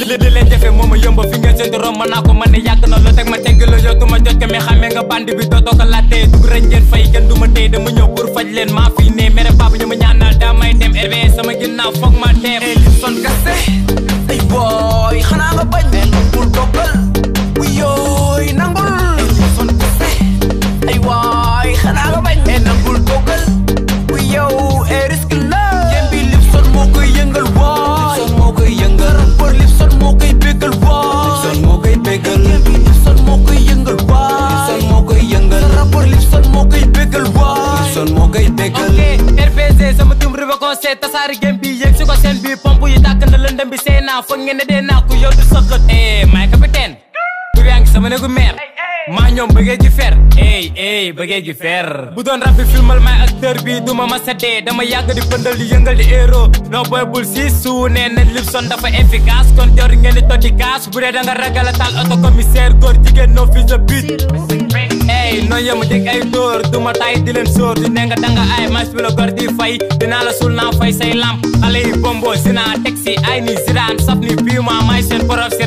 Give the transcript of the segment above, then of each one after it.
li leen jafe moo ma yomb fi ngeen seentu romb naa ko man ne yàgg na loo teg ma tegg la yow ma jot ko mais xamee nga bandi bi dootoo ko laajtee dug rek ngeen fay kenn du ma dama ñëw pour faj leen maa fii ne mere baaba ñu ma ñaanal daa may dem RVS sama ginnaaw foog ma teeb son moo koy déggal RPG sama tim rubéconcé tasaari game bi yéeg si ko seen bi pompe yi tàkk na lëndëm bi seenaa foog ngeen ne dee naa ku yow du sëqët eh, maay capitaine tur yaa ngi sama néegu maire maa ñoom bëggee ji fer ey ey bu doon rab bi filmal may acteur bi du ma masa dee dama yàgg di pëndal di yëngal di héros noo boy bul si suu na Libson dafa efficace kon jor ngeen di toddi bu dee da nga ragal a taal auto commissaire góor jigéen noo fils de pute ey noo yëma dig ay dóor du ma tay di leen nga danga ay mas bi la gor di fay dinaa la sul fay say lamp xale yi bombo sinaa teg ay nii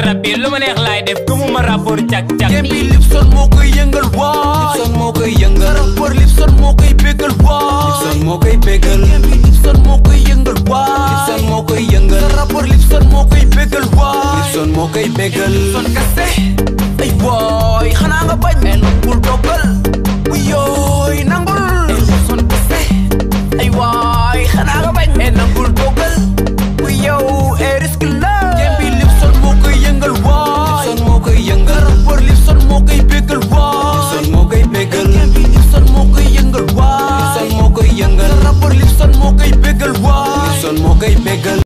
rab bi lu ma neex laay def gëmuma rapport cak cak game bi Lipson moo koy yëngal waay Lipson moo koy yëngal rapport Lipson moo koy bégal waay Lipson moo koy bégal game bi Lipson moo koy yëngal waay Lipson moo koy yëngal rapport Lipson moo koy bégal waay Lipson moo koy bégal yëngal waay Lipson moo koy yëngal rapport Lipson moo koy bégal waay Lipson moo koy bégal